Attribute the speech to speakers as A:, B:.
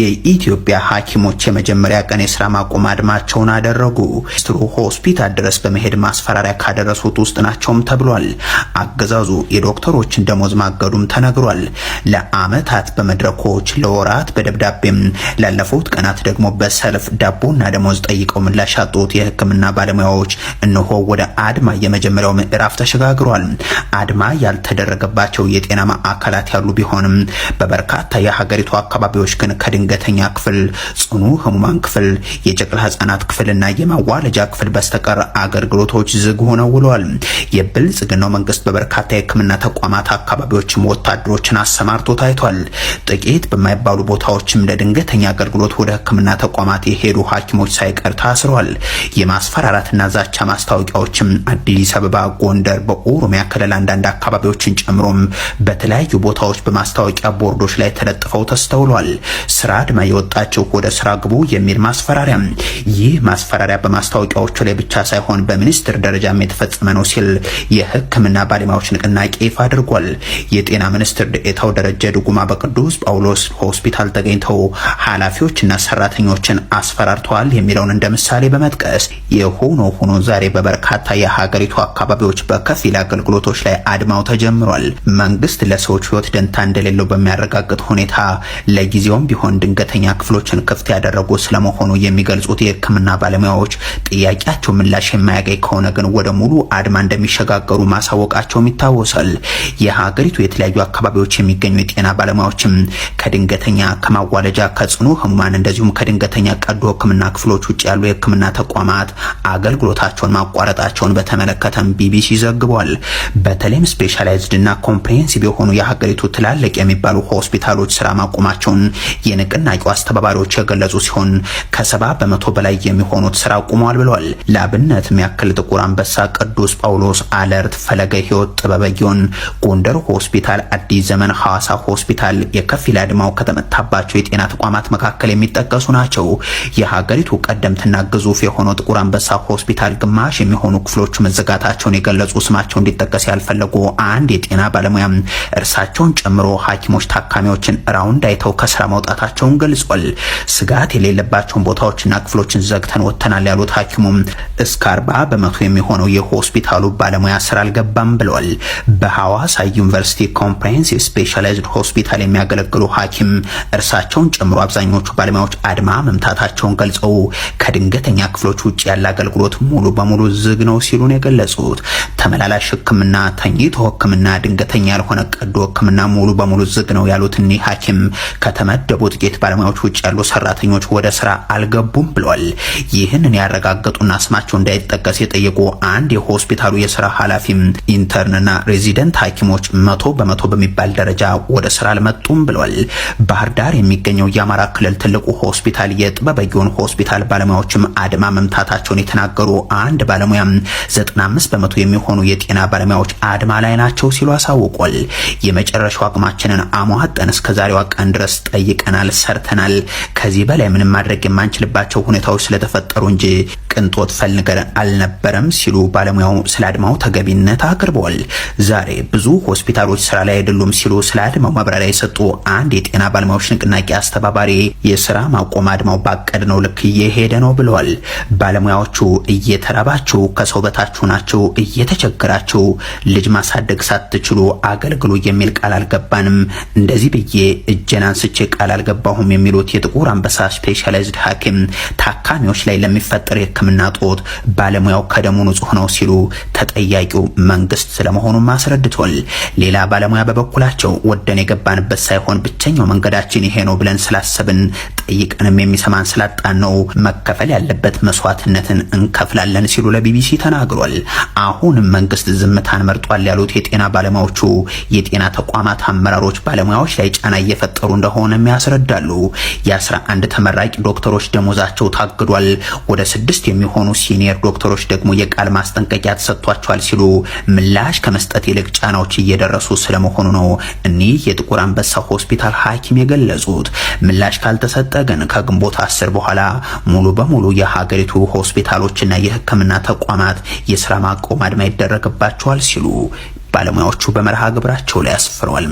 A: የኢትዮጵያ ሐኪሞች የመጀመሪያ ቀን የስራ ማቆም አድማቸውን አደረጉ። ሚኒስትሩ ሆስፒታል ድረስ በመሄድ ማስፈራሪያ ካደረሱት ውስጥ ናቸውም ተብሏል። አገዛዙ የዶክተሮችን ደሞዝ ማገዱም ተነግሯል። ለአመታት በመድረኮች ለወራት በደብዳቤም ላለፉት ቀናት ደግሞ በሰልፍ ዳቦና ደሞዝ ጠይቀው ምላሽ ያጡት የህክምና ባለሙያዎች እነሆ ወደ አድማ የመጀመሪያው ምዕራፍ ተሸጋግሯል። አድማ ያልተደረገባቸው የጤና ማዕከላት ያሉ ቢሆንም በበርካታ የሀገሪቱ አካባቢዎች ግን ከድንገተኛ ክፍል፣ ጽኑ ህሙማን ክፍል፣ የጨቅላ ህጻናት ክፍልና የማዋለጃ ክፍል በስተቀር አገልግሎቶች ዝግ ሆነው ውለዋል። የብልጽግናው መንግስት በበርካታ የህክምና ተቋማት አካባቢዎችም ወታደሮችን አሰማርቶ ታይቷል። ጥቂት በማይባሉ ቦታዎችም ለድንገተኛ አገልግሎት ወደ ህክምና ተቋማት የሄዱ ሐኪሞች ሳይቀር ታስረዋል። የማስፈራራትና ዛቻ ማስታወቂያዎችም አዲስ አበባ፣ ጎንደር፣ በኦሮሚያ ክልል አንዳንድ አካባቢዎችን ጨምሮም በተለያዩ ቦታዎች በማስታወቂያ ቦርዶች ላይ ተለጥፈው ተስተውሏል። ስራ አድማ የወጣቸው ወደ ስራ ግቡ የሚል ማስፈራሪያ። ይህ ማስፈራሪያ በማስታወቂያዎቹ ላይ ብቻ ሳይሆን በሚኒስትር ደረጃም የተፈጸመ ነው ሲል የህክምና ባለሙያዎች ንቅናቄ ይፋ አድርጓል። የጤና ሚኒስትር ዴኤታው ደረጀ ድጉማ በቅዱስ ጳውሎስ ሆስፒታል ተገኝተው ኃላፊዎችና ሰራተኞችን አስፈራርተዋል የሚለውን እንደ ምሳሌ በመጥቀስ የሆኖ ሆኖ ዛሬ በበርካታ የሀገሪቱ አካባቢዎች በከፊል አገልግሎቶች ላይ አድማው ተጀምሯል። መንግስት ለሰዎች ህይወት ደንታ እንደሌለው በሚያረጋግጥ ሁኔታ ለጊዜውም ቢሆን ድንገተኛ ክፍሎችን ክፍት ያደረጉ ስለመሆኑ የሚገልጹት የህክምና ባለሙያዎች ጥያቄያቸው ምላሽ የማያገኝ ከሆነ ግን ወደ ሙሉ አድማ እንደሚሸጋገሩ ማሳወቃቸው መግለጻቸውም ይታወሳል። የሀገሪቱ የተለያዩ አካባቢዎች የሚገኙ የጤና ባለሙያዎችም ከድንገተኛ ከማዋለጃ ከጽኑ ህሙማን እንደዚሁም ከድንገተኛ ቀዶ ህክምና ክፍሎች ውጭ ያሉ የህክምና ተቋማት አገልግሎታቸውን ማቋረጣቸውን በተመለከተም ቢቢሲ ዘግቧል። በተለይም ስፔሻላይዝድ እና ኮምፕሬሄንሲቭ የሆኑ የሀገሪቱ ትላልቅ የሚባሉ ሆስፒታሎች ስራ ማቆማቸውን የንቅናቄው አስተባባሪዎች የገለጹ ሲሆን ከሰባ በመቶ በላይ የሚሆኑት ስራ አቁመዋል ብለዋል። ለአብነት ያክል ጥቁር አንበሳ፣ ቅዱስ ጳውሎስ፣ አለርት፣ ፈለገ ህይወት ጥበበጊዮን ጎንደር ሆስፒታል፣ አዲስ ዘመን፣ ሐዋሳ ሆስፒታል የከፊል አድማው ከተመታባቸው የጤና ተቋማት መካከል የሚጠቀሱ ናቸው። የሀገሪቱ ቀደምትና ግዙፍ የሆነው ጥቁር አንበሳ ሆስፒታል ግማሽ የሚሆኑ ክፍሎቹ መዘጋታቸውን የገለጹ ስማቸው እንዲጠቀስ ያልፈለጉ አንድ የጤና ባለሙያ እርሳቸውን ጨምሮ ሐኪሞች ታካሚዎችን ራውንድ አይተው ከስራ መውጣታቸውን ገልጿል። ስጋት የሌለባቸውን ቦታዎችና ክፍሎችን ዘግተን ወጥተናል ያሉት ሐኪሙም እስከ አርባ በመቶ የሚሆነው የሆስፒታሉ ባለሙያ ስራ አልገባም ብለዋል። በሐዋሳ ዩኒቨርሲቲ ኮምፕሬሄንሲቭ ስፔሻላይዝድ ሆስፒታል የሚያገለግሉ ሐኪም እርሳቸውን ጨምሮ አብዛኞቹ ባለሙያዎች አድማ መምታታቸውን ገልጸው ከድንገተኛ ክፍሎች ውጭ ያለ አገልግሎት ሙሉ በሙሉ ዝግ ነው ሲሉን የገለጹት ተመላላሽ ሕክምና፣ ተኝቶ ሕክምና፣ ድንገተኛ ያልሆነ ቀዶ ሕክምና ሙሉ በሙሉ ዝግ ነው ያሉት እኒህ ሐኪም ከተመደቡ ጥቂት ባለሙያዎች ውጭ ያሉ ሰራተኞች ወደ ስራ አልገቡም ብለዋል። ይህንን ያረጋገጡና ስማቸው እንዳይጠቀስ የጠየቁ አንድ የሆስፒታሉ የስራ ኃላፊም ኢንተርንና ሬዚደንት ሐኪሞች መቶ በመቶ በሚባል ደረጃ ወደ ስራ አልመጡም ብሏል። ባህር ዳር የሚገኘው የአማራ ክልል ትልቁ ሆስፒታል የጥበበጊዮን ሆስፒታል ባለሙያዎችም አድማ መምታታቸውን የተናገሩ አንድ ባለሙያም 95 በመቶ የሚሆኑ የጤና ባለሙያዎች አድማ ላይ ናቸው ሲሉ አሳውቋል። የመጨረሻው አቅማችንን አሟጠን እስከ ዛሬዋ ቀን ድረስ ጠይቀናል፣ ሰርተናል። ከዚህ በላይ ምንም ማድረግ የማንችልባቸው ሁኔታዎች ስለተፈጠሩ እንጂ ቅንጦት ፈልገን አልነበረም ሲሉ ባለሙያው ስለ አድማው ተገቢነት አቅርበዋል። ተደርጓል። ዛሬ ብዙ ሆስፒታሎች ስራ ላይ አይደሉም ሲሉ ስለ አድማው ማብራሪያ የሰጡ አንድ የጤና ባለሙያዎች ንቅናቄ አስተባባሪ የስራ ማቆም አድማው ባቀድ ነው ልክ እየሄደ ነው ብለዋል። ባለሙያዎቹ እየተራባችሁ ከሰው በታችሁ ናቸው፣ እየተቸገራችሁ ልጅ ማሳደግ ሳትችሉ አገልግሉ የሚል ቃል አልገባንም፣ እንደዚህ ብዬ እጄን አንስቼ ቃል አልገባሁም የሚሉት የጥቁር አንበሳ ስፔሻላይዝድ ሐኪም ታካሚዎች ላይ ለሚፈጠር የህክምና ጦት ባለሙያው ከደሙ ንጹህ ነው ሲሉ ተጠያቂው መንግስት ውስጥ ስለመሆኑም አስረድቷል። ሌላ ባለሙያ በበኩላቸው ወደን የገባንበት ሳይሆን ብቸኛው መንገዳችን ይሄ ነው ብለን ስላሰብን ጠይቀንም የሚሰማን ስላጣን ነው መከፈል ያለበት መስዋዕትነትን እንከፍላለን ሲሉ ለቢቢሲ ተናግሯል። አሁንም መንግስት ዝምታን መርጧል ያሉት የጤና ባለሙያዎቹ የጤና ተቋማት አመራሮች ባለሙያዎች ላይ ጫና እየፈጠሩ እንደሆነም ያስረዳሉ። የአስራ አንድ ተመራቂ ዶክተሮች ደሞዛቸው ታግዷል፣ ወደ ስድስት የሚሆኑ ሲኒየር ዶክተሮች ደግሞ የቃል ማስጠንቀቂያ ተሰጥቷቸዋል ሲሉ ምላሽ ከመስጠት ይልቅ ጫናዎች እየደረሱ ስለመሆኑ ነው እኒህ የጥቁር አንበሳ ሆስፒታል ሐኪም የገለጹት። ምላሽ ካልተሰጠ ግን ከግንቦት አስር በኋላ ሙሉ በሙሉ የሀገሪቱ ሆስፒታሎችና የሕክምና ተቋማት የስራ ማቆም አድማ ይደረግባቸዋል ሲሉ ባለሙያዎቹ በመርሃ ግብራቸው ላይ አስፍረዋል።